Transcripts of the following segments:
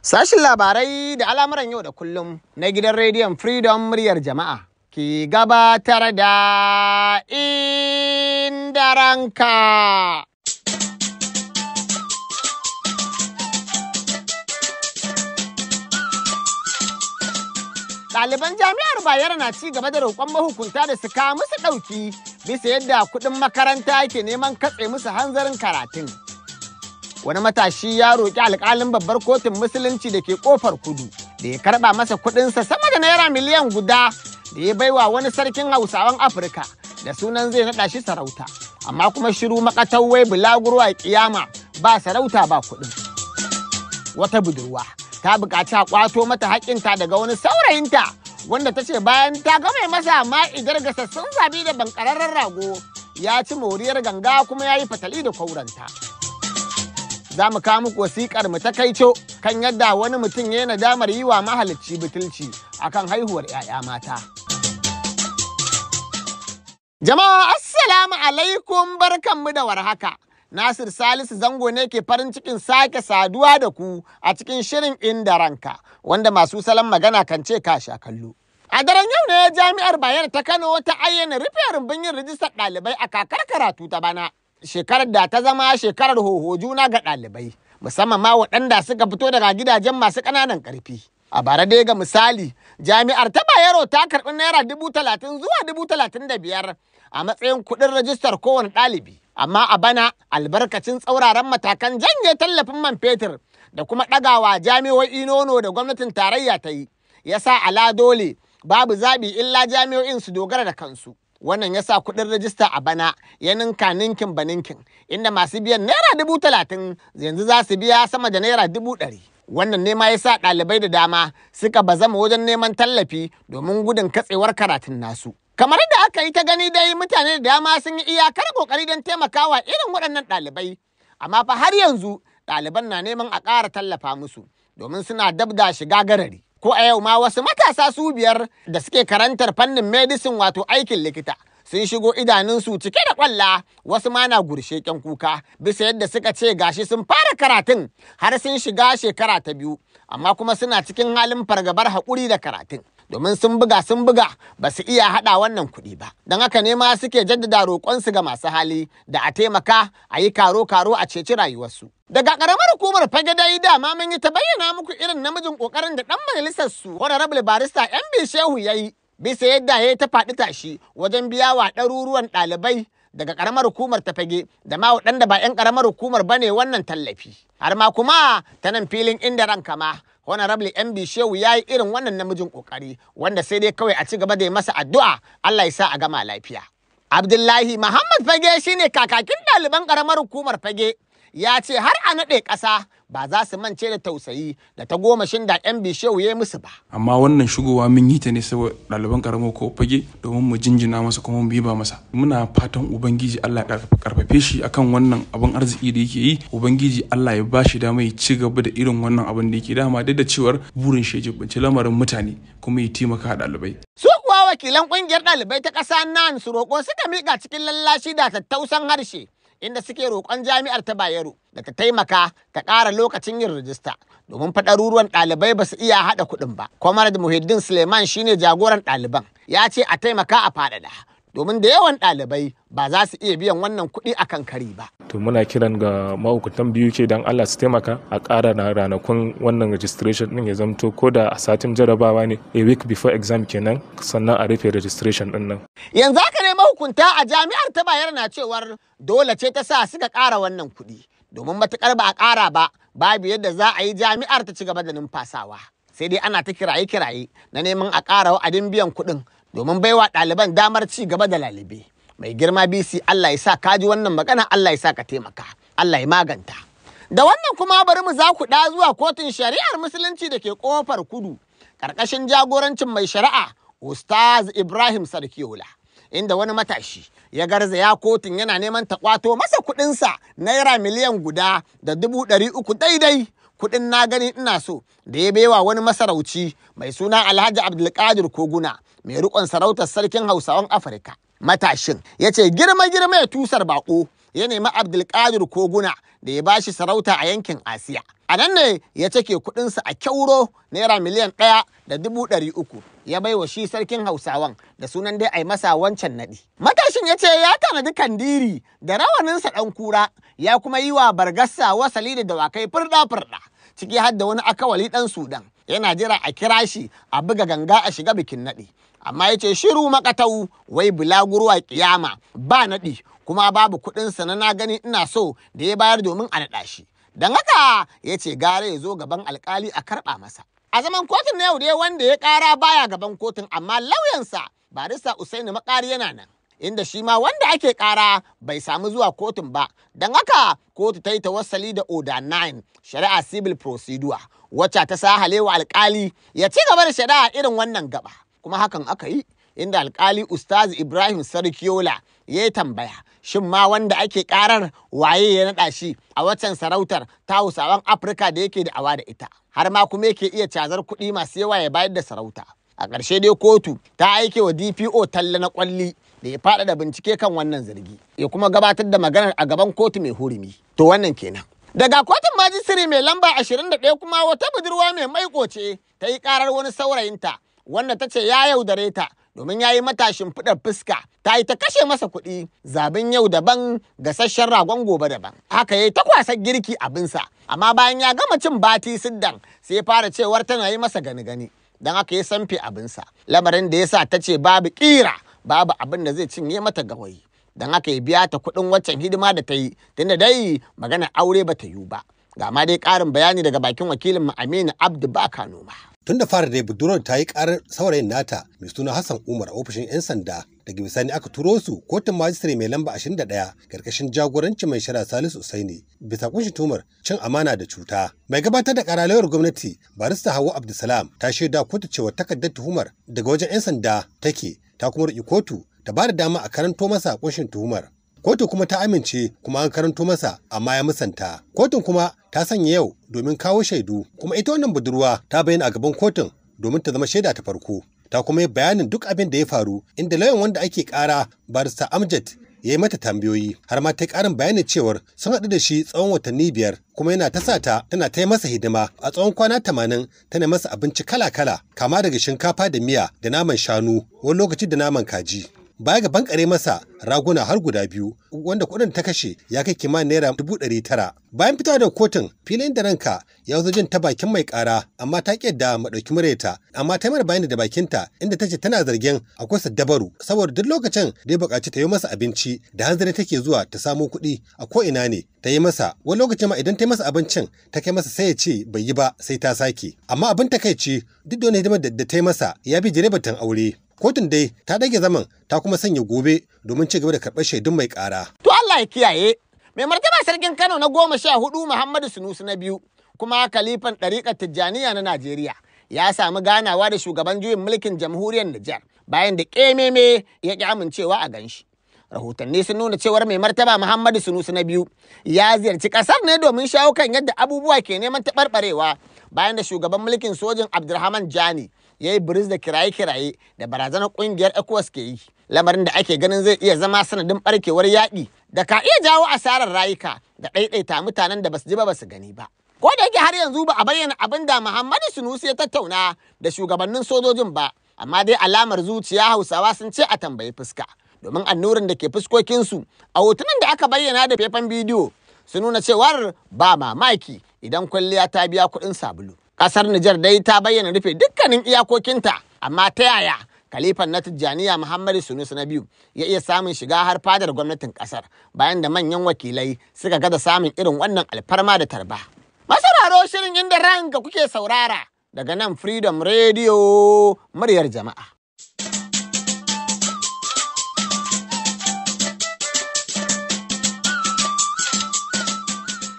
Sashin labarai da al'amuran yau da kullum na gidan rediyon Freedom muryar jama'a ke gabatar da inda Ɗaliban jami'ar Bayero na ci gaba da roƙon mahukunta da su musu ɗauki bisa yadda kuɗin makaranta ke neman katse musu hanzarin karatun. wani matashi ya roƙi alƙalin babbar kotun musulunci da ke kofar kudu da ya karɓa masa kuɗinsa sama da naira miliyan guda da ya baiwa wani sarkin hausawan afirka da sunan zai naɗa shi sarauta amma kuma shiru makatauwai bulagurwa kiyama ba sarauta ba kuɗin wata budurwa ta buƙaci a ƙwato mata haƙƙinta daga wani saurayinta wanda ta ce bayan ta mai masa ma idar gasassun zabi da bankararren rago ya ci moriyar ganga kuma ya yi fatali da kauranta. za mu kawo muku wasiƙar mu ta kaico kan yadda wani mutum ya nadamar yi wa mahalicci a kan haihuwar 'ya'ya mata. Jama'a Assalamu alaikum barkanmu da warhaka. Nasir Salisu Zango ne ke farin cikin sake saduwa da ku a cikin shirin inda ranka wanda masu salon magana kan ce kasha kallo. A daren yau ne jami'ar Bayan ta Kano ta ayyana rufe rumbun yin rijistar ɗalibai a kakar karatu ta bana. shekarar da ta zama shekarar hoho juna ga ɗalibai musamman ma waɗanda suka fito daga gidajen masu ƙananan ƙarfi. A bara dai ga misali, jami'ar ta Bayero ta karɓi naira dubu talatin zuwa dubu talatin da biyar a matsayin kuɗin rajistar kowane ɗalibi. Amma a bana albarkacin tsauraran matakan janye tallafin man fetur da kuma ɗagawa jami'o'i nono da gwamnatin tarayya ta yi, ya sa ala dole babu zaɓi illa jami'o'in su dogara da kansu. wannan ya sa kuɗin rajista a bana ya ninka ninkin ba ninkin inda masu biyan naira dubu talatin yanzu za su biya sama da naira dubu ɗari wannan nema ya sa ɗalibai da dama suka bazama wajen neman tallafi domin gudun katsewar karatun nasu kamar da aka yi ta gani dai mutane da dama sun yi iyakar kokari don taimakawa irin waɗannan ɗalibai amma fa har yanzu ɗaliban na neman a ƙara tallafa musu domin suna dabda shiga garari Ko a yau ma wasu matasa su biyar da suke karantar fannin medicine wato aikin likita. sun shigo idanunsu cike da kwalla wasu ma na gurshe kuka bisa yadda suka ce gashi sun fara karatun har sun shiga shekara ta biyu amma kuma suna cikin halin fargabar haƙuri da karatun domin sun buga sun buga ba su iya haɗa wannan kuɗi ba don haka ne ma suke jaddada roƙonsu ga masu hali da a taimaka a yi karo-karo a ceci rayuwarsu daga ƙaramar hukumar fage dai dama mun yi ta bayyana muku irin namijin ƙoƙarin da ɗan majalisar su honorable barista yan shehu ya yi bisa yadda ya yi ta faɗi tashi wajen biya wa ɗaruruwan ɗalibai daga karamar hukumar ta fage da ma waɗanda ba 'yan karamar hukumar ba ne wannan tallafi har ma kuma ta nan filin inda ranka ma honorable mb shehu ya yi irin wannan namijin ƙoƙari. wanda sai dai kawai a ci gaba da yi masa addu'a allah ya sa a gama lafiya abdullahi muhammad fage shine kakakin ɗaliban karamar hukumar fage ya ce har a naɗe ƙasa ba za su mance da tausayi da ta goma shin da yan bishewu ya musu ba. Amma wannan shigowa mun yi ta ne saboda ɗaliban karamar ko fage domin mu jinjina masa kuma mu ba masa. Muna fatan Ubangiji Allah ya karfafe shi akan wannan abin arziki da yake yi Ubangiji Allah ya ba shi dama ya ci gaba da irin wannan abin da yake dama duk da cewar burin shi ya jibbanci lamarin mutane kuma ya taimaka ɗalibai. Su kuwa wakilan ƙungiyar ɗalibai ta ƙasa nan su roƙo suka miƙa cikin lallashi da tattausan harshe. inda suke roƙon jami'ar ta Bayero da ta taimaka ta ƙara lokacin yin rijista domin faɗaruruwan ɗalibai ba su iya haɗa kuɗin ba. Comrade Muhiddin Suleiman shine jagoran ɗaliban ya ce a taimaka a faɗaɗa domin da yawan ɗalibai ba za su iya biyan wannan kuɗi a kan kari ba. To muna kiran ga mahukuntan biyu ke don Allah su taimaka a ƙara ranakun wannan registration ɗin ya zamto ko da a satin jarabawa ne a week before exam kenan sannan a rufe registration ɗin nan. Yanzu haka ne hukunta a jami'ar ta bayar na cewar dole ce ta sa suka ƙara wannan kuɗi domin matuƙar ba a ƙara ba babu yadda za a yi jami'ar ta ci gaba da numfasawa. Sai dai ana ta kiraye-kiraye na neman a ƙara wa'adin biyan kuɗin domin baiwa ɗaliban damar ci gaba da lalibe. Mai girma BC Allah ya sa ka ji wannan magana Allah ya sa ka taimaka. Allah ya maganta. Da wannan kuma bari mu za ku ɗa zuwa kotun shari'ar musulunci da ke ƙofar kudu ƙarƙashin jagorancin mai shari'a Ustaz Ibrahim Sarkiola. inda wani matashi ya garza ya kotun yana neman ta kwato masa kuɗinsa naira miliyan guda da dubu ɗari uku daidai kuɗin na gani ina so da ya baiwa wani masarauci mai suna alhaji abdulkadir koguna mai rikon sarautar sarkin hausawan afirka matashin ya ce girma girma ya tusar baƙo ya nemi abdulkadir koguna da ya bashi sarauta a yankin asiya a nan ne ya cake kuɗinsa a kyauro naira miliyan ɗaya da dubu ɗari uku ya baiwa shi sarkin Hausawan da sunan dai a yi masa wancan naɗi. Matashin ya ce ya tanadi kandiri da rawaninsa ɗan kura ya kuma yi wa bargassa wasali da dawakai furɗa-furɗa ciki har da wani akawali ɗan Sudan. Yana jira a kira shi a buga ganga a shiga bikin naɗi. Amma ya ce shiru makatau wai bulaguruwa kiyama ba naɗi kuma babu kuɗinsa na na gani ina so da ya bayar domin a naɗa shi. Don haka ya ce gara ya zo gaban alkali a karɓa masa. a zaman kotun na yau dai wanda ya kara baya gaban kotun amma lauyansa barista usaini makari yana nan inda shi ma wanda ake kara bai samu zuwa kotun ba don haka kotu ta yi tawassali da oda 9 shari'a civil procedure wacce ta sa halewa alkali ya ci gaba da shari'a irin wannan gaba kuma hakan aka yi inda alkali ustaz ibrahim sarkiola ya yi tambaya shin ma wanda ake karar waye ya naɗa shi a waccan sarautar ta hausawan afirka da yake da awa da ita har ma kuma yake iya cazar kuɗi masu yawa ya bayar da sarauta a ƙarshe dai kotu ta aike wa dpo talla na kwalli da ya faɗaɗa bincike kan wannan zargi ya kuma gabatar da maganar a gaban kotu mai hurumi to wannan kenan daga kotun majisiri mai lamba ashirin da ɗaya, kuma wata budurwa mai maiƙoce ta yi karar wani saurayinta wanda ta ce ya yaudare ta domin ya yi matashin shimfiɗar fuska ta yi ta kashe masa kuɗi zabin yau daban ga sashen ragon gobe daban haka ya yi ta kwasar girki abinsa amma bayan ya gama cin bati siddan sai fara cewar tana yi masa gani-gani don haka ya sanfe abinsa lamarin da ya sa ta ce babu kira babu abin da zai cinye mata gawayi don haka ya biya ta kuɗin waccan hidima da ta yi tunda dai magana aure bata yiwu ba ga ma dai ƙarin bayani daga bakin wakilin mu Aminu Abdu Baka Noma. Tun da fara dai budurwar ta yi karar saurayin nata mai suna Hassan Umar a ofishin 'yan sanda daga bisani aka turo su kotun majistare mai lamba 21 karkashin jagoranci mai shara salisu usaini bisa kunshi tumar cin amana da cuta mai gabatar da karalayar gwamnati barista hawa abdulsalam ta shaida kotu cewa takardar tuhumar daga wajen 'yan sanda take ta kuma riƙi kotu ta ba da dama a karanto masa kunshin tuhumar kotu kuma ta amince kuma an karanto masa amma ya musanta kotun kuma ta sanya yau domin kawo shaidu kuma ita wannan budurwa ta bayyana a gaban kotun domin ta zama shaida ta farko ta kuma yi bayanin duk abin da ya faru inda lauyan wanda ake kara barista amjad ya yi mata tambayoyi har ma ta karin bayanin cewar sun haɗu da shi tsawon watanni biyar kuma yana ta sata tana ta yi masa hidima a tsawon kwana tamanin tana masa abinci kala-kala kama daga shinkafa da miya da naman shanu wani lokaci da naman kaji baya ga bankare masa raguna har guda biyu wanda kuɗin ta kashe ya kai kimanin naira dubu ɗari tara bayan fitowa da kotun filin da ranka ya zo jin ta bakin mai ƙara amma ta ƙi da maɗauki mureta amma ta mara bayani da bakinta inda ta ce tana zargin akwai dabaru saboda duk lokacin da ya buƙaci ta yi masa abinci da hanzari take zuwa ta samo kuɗi a ko ina ne ta yi masa wani lokacin ma idan ta yi masa abincin ta kai masa sai ya ce bai yi ba sai ta sake amma abin takaici duk da wani hidimar da ta yi masa ya bi jire aure Kotun dai ta dage zaman ta kuma sanya gobe domin ci gaba da karɓar shaidun mai kara. To Allah ya kiyaye. Mai martaba sarkin Kano na goma sha hudu Muhammadu Sunusu na biyu kuma kalifan ɗariƙar Tijjaniya na Najeriya ya sami ganawa da shugaban juyin mulkin jamhuriyar Nijar bayan da ƙememe ya ƙi amincewa a ganshi. Rahotanni sun nuna cewar mai martaba Muhammadu Sunusu na biyu ya ziyarci ƙasar ne domin shawo kan yadda abubuwa ke neman taɓarɓarewa bayan da shugaban mulkin sojin Abdulrahman Jani ya yi biris da kiraye-kiraye da barazanar kungiyar ECOWAS ke yi. Lamarin da ake ganin zai iya zama sanadin barkewar yaƙi da ka iya jawo asarar rayuka da ɗaiɗaita mutanen da basu ji ba basu gani ba. Ko da yake har yanzu ba a bayyana abin da Muhammadu Sunusi ya tattauna da shugabannin sojojin ba, amma dai alamar zuciya Hausawa sun ce a tambayi fuska. Domin annurin da ke fuskokinsu a hotunan da aka bayyana da faifan bidiyo su nuna cewar ba mamaki idan kwalliya ta biya kuɗin sabulu. Ƙasar Nijar dai ta bayyana rufe dukkanin iyakokinta, amma ta yaya kalifan na Tijjaniya Muhammadu Sunusu na biyu ya iya samun shiga har fadar gwamnatin ƙasar bayan da manyan wakilai suka gada samun irin wannan alfarma da tarba. Masararo shirin inda ranka kuke saurara daga nan Freedom Radio muryar jama'a.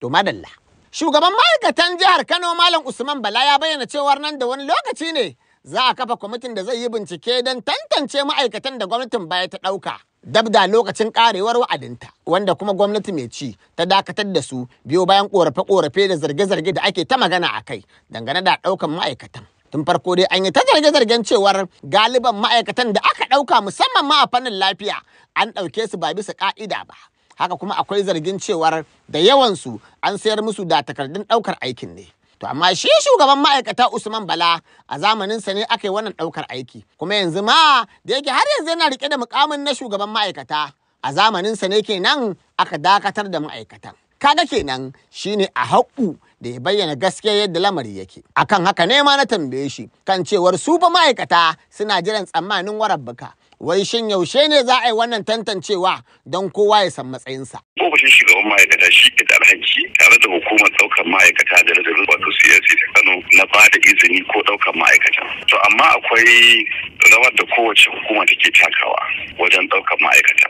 To madalla. Shugaban ma'aikatan jihar Kano Malam Usman Bala ya bayyana cewar nan da wani lokaci ne za a kafa kwamitin da zai yi bincike don tantance ma'aikatan da gwamnatin baya ta ɗauka. Dab da lokacin karewar wa'adinta, wanda kuma gwamnati mai ci ta dakatar da su biyo bayan korafe-korafe da zarge-zarge da ake ta magana a kai dangane da ɗaukan ma'aikatan. Tun farko dai an yi ta zarge-zargen cewar galiban ma'aikatan da aka ɗauka musamman ma a fannin lafiya an ɗauke su ba bisa ƙa'ida ba. haka kuma akwai zargin cewar da yawansu an sayar musu da takardun ɗaukar aikin ne. To amma shi shugaban ma'aikata Usman Bala a zamaninsa ne aka yi wannan ɗaukar aiki. Kuma yanzu ma da yake har yanzu yana riƙe da mukamin na shugaban ma'aikata a zamaninsa ne kenan aka dakatar da ma'aikatan. Kaga kenan shine a haƙu da ya bayyana gaskiya yadda lamari yake akan haka ne ma na tambaye shi kan cewar su fa ma'aikata suna jiran tsammanin warabbuka wai shin yaushe ne za a yi wannan tantancewa don kowa ya san matsayinsa. Ofishin shugaban ma'aikata shi ke da alhaki tare da hukumar ɗaukar ma'aikata da rajin wato siyasi ta Kano na ba da izini ko ɗaukar ma'aikata. To amma akwai rawar da kowace hukuma take takawa wajen ɗaukar ma'aikata.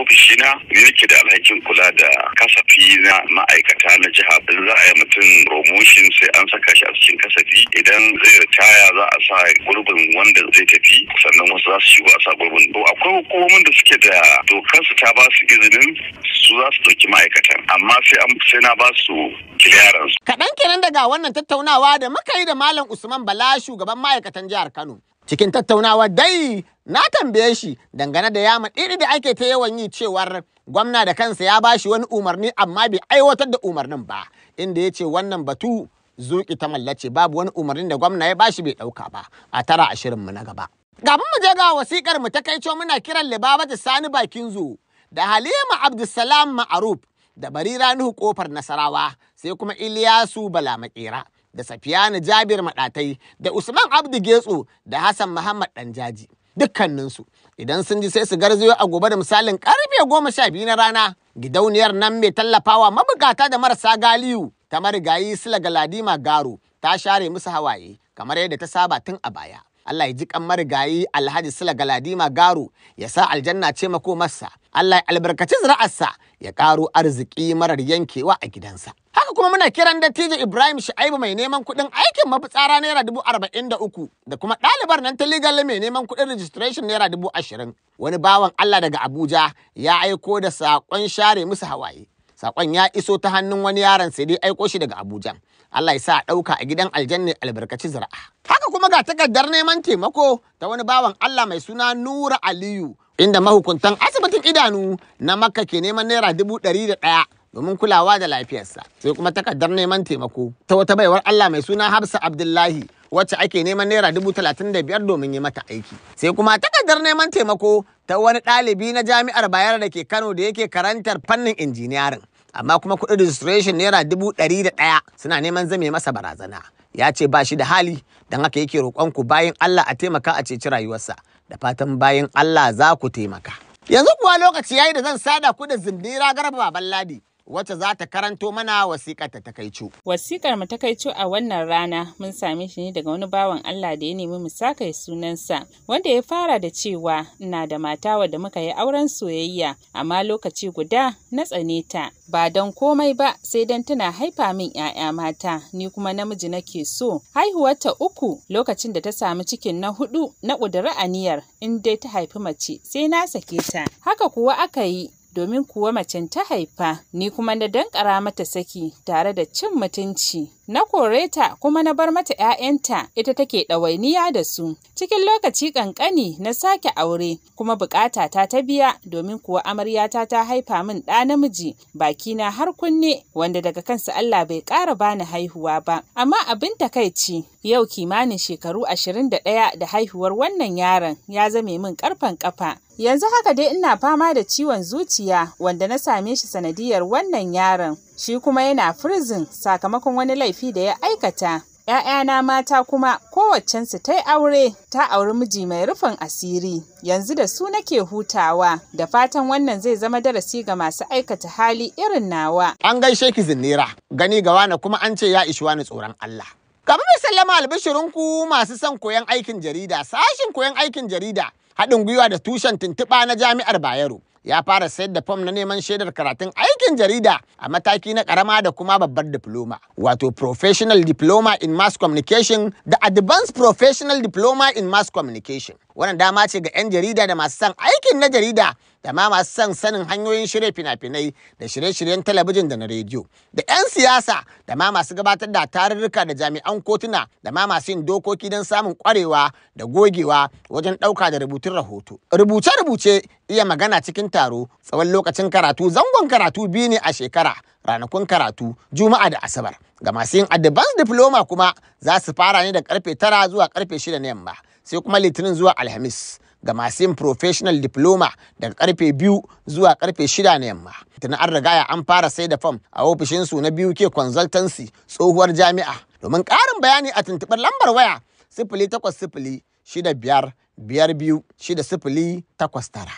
Ofishina ne nake da alhakin kula da kasafi na ma'aikata na jiha za a yi mutum promotion sai an saka shi a cikin kasafi idan zai taya za a sa gurbin wanda zai tafi sannan wasu za su shigo a sa gurbin to akwai hukumomin da suke da dokar su ta ba su izinin su za su ɗauki ma'aikatan amma sai an sai na ba su clearance kaɗan kenan daga wannan tattaunawa da muka yi da malam usman bala shugaban ma'aikatan jihar kano cikin tattaunawa dai na tambaye shi dangane da yama ɗiri da ake ta yawan yi cewar gwamna da kansa ya bashi wani umarni amma bai aiwatar da umarnin ba inda ya ce wannan batu zuƙi ta mallace babu wani umarnin da gwamna ya bashi bai ɗauka ba a tara ashirin mu na gaba. Ga mu je ga wasikar mu ta kai muna kiran Libaba da Sani Bakin Zu da Halima Abdulsalam Ma'aruf da Barira Nuhu Kofar Nasarawa sai kuma Iliyasu Bala Makera da Safiyani Jabir Maɗatai da Usman Abdu Getso da Hassan Muhammad Ɗanjaji. dukkaninsu idan sun ji sai su garzayo a gobe da misalin karfe goma sha biyu na rana gidauniyar nan mai tallafawa mabukata da marasa galiyu ta marigayi sila galadima garo ta share musu hawaye kamar yadda ta saba tun a baya Allah ya ji kan marigayi Alhaji Sula Galadima Garo ya sa aljanna ce makomarsa. Allah ya albarkaci zira'arsa ya ƙaro arziki marar yankewa a gidansa. Haka kuma muna kiran dattijo Ibrahim Shu'aibu mai neman kuɗin aikin mafitsara naira dubu arba'in da uku da kuma ɗalibar nan ta legal mai neman kuɗin registration naira dubu ashirin. Wani bawan Allah daga Abuja ya aiko da saƙon share musu hawaye. Saƙon ya iso ta hannun wani yaron sai dai aiko shi daga Abuja. Allah ya sa a ɗauka a gidan aljanna albarkaci zira'a. Haka kuma ga takardar neman taimako ta wani bawan Allah mai suna Nura Aliyu inda mahukuntan asibitin idanu na makka ke neman naira dubu ɗari da ɗaya domin kulawa da lafiyarsa sai kuma takardar neman taimako ta wata baiwar allah mai suna hafsa abdullahi wacce ake neman naira dubu talatin da biyar domin yi mata aiki sai kuma takardar neman taimako ta wani ɗalibi na jami'ar bayar da ke kano da yake karantar fannin injiniyarin amma kuma kuɗin registration naira dubu ɗari da ɗaya suna neman zame masa barazana ya ce ba shi da hali don haka yake roƙon ku bayan Allah a taimaka a ceci rayuwarsa da fatan bayan Allah za ku taimaka yanzu kuwa lokaci yayi da zan sada ku da zindira garba baban ladi wacce za ta karanto mana wasiƙar ta takaicu. Wasiƙar mu takaicu a wannan rana mun same shi ne daga wani bawan Allah da ya nemi mu saka sunansa wanda ya fara da cewa ina da mata wadda muka yi auren soyayya amma lokaci guda na tsane ta ba don komai ba sai don tana haifa min 'ya'ya mata ni kuma namiji nake so haihuwarta uku lokacin da ta sami cikin na hudu na ƙudura aniyar in dai ta haifi mace sai na sake ta haka kuwa aka yi domin kuwa macen ta haifa ni kuma na danƙara mata saki tare da cin mutunci na kore ta kuma na bar mata 'ya'yanta ita take ɗawainiya da su cikin lokaci ƙanƙani na sake aure kuma buƙata ta ta biya domin kuwa amaryata ta haifa min ɗa namiji bakina har kunne wanda daga kansa Allah bai ƙara bani haihuwa ba amma abin takaici yau kimanin shekaru ashirin da ɗaya da haihuwar wannan yaron ya zame min ƙarfen ƙafa yanzu haka dai ina fama da ciwon zuciya wanda na same shi sanadiyar wannan yaron shi kuma yana prison sakamakon wani laifi da ya aikata ‘Ya'yana mata kuma kowaccensu ta aure ta auri miji mai rufin asiri yanzu da su nake hutawa da fatan wannan zai zama darasi ga masu aikata hali irin nawa. An gaishe ki zinera gani ga na kuma an ce ya ishi wani tsoron Allah. Gaba mai sallama albishirinku masu son koyon aikin jarida sashin koyon aikin jarida haɗin gwiwa da tushen tuntuɓa na jami'ar Bayero. Ya fara sayar da fom na neman shaidar karatun aikin jarida a mataki na karama da kuma babbar diploma. Wato Professional Diploma in Mass Communication da Advanced Professional Diploma in Mass Communication. Wannan dama ce ga 'yan jarida da masu son aikin na jarida da ma masu son sanin hanyoyin shirya fina-finai da shirye-shiryen talabijin da na rediyo da 'yan siyasa da ma masu gabatar da tarurruka da jami'an kotuna da ma masu yin dokoki don samun kwarewa da gogewa wajen ɗauka da rubutun rahoto rubuce-rubuce iya magana cikin taro tsawon lokacin karatu zangon karatu biyu ne a shekara ranakun karatu juma'a da asabar ga masu yin advanced diploma kuma za su fara ne da karfe tara zuwa karfe shida na yamma sai kuma litinin zuwa alhamis ga masu yin professional diploma daga karfe biyu zuwa karfe shida na yamma. Tuna an rigaya an fara sai da fam a ofishinsu na biyu ke consultancy tsohuwar jami'a. Domin ƙarin bayani a tuntuɓar lambar waya sifili takwas sifili shida biyar biyar biyu shida sifili takwas tara.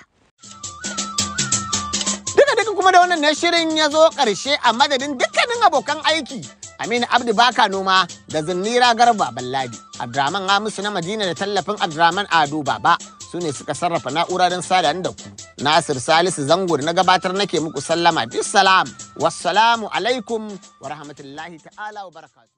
Duka duka kuma da wannan shirin ya zo ƙarshe a madadin dukkanin abokan aiki. Aminu Abdi Baka Noma da Zinnira Garba Balladi, Abdraman Hamisu na Madina da tallafin Abdraman Ado Baba. su ne suka sarrafa na'ura don sada da ku. Nasir Salisu Zangur na gabatar nake muku sallama. Bisalam. Wassalamu alaikum wa rahmatullahi ta'ala wa barakatuh.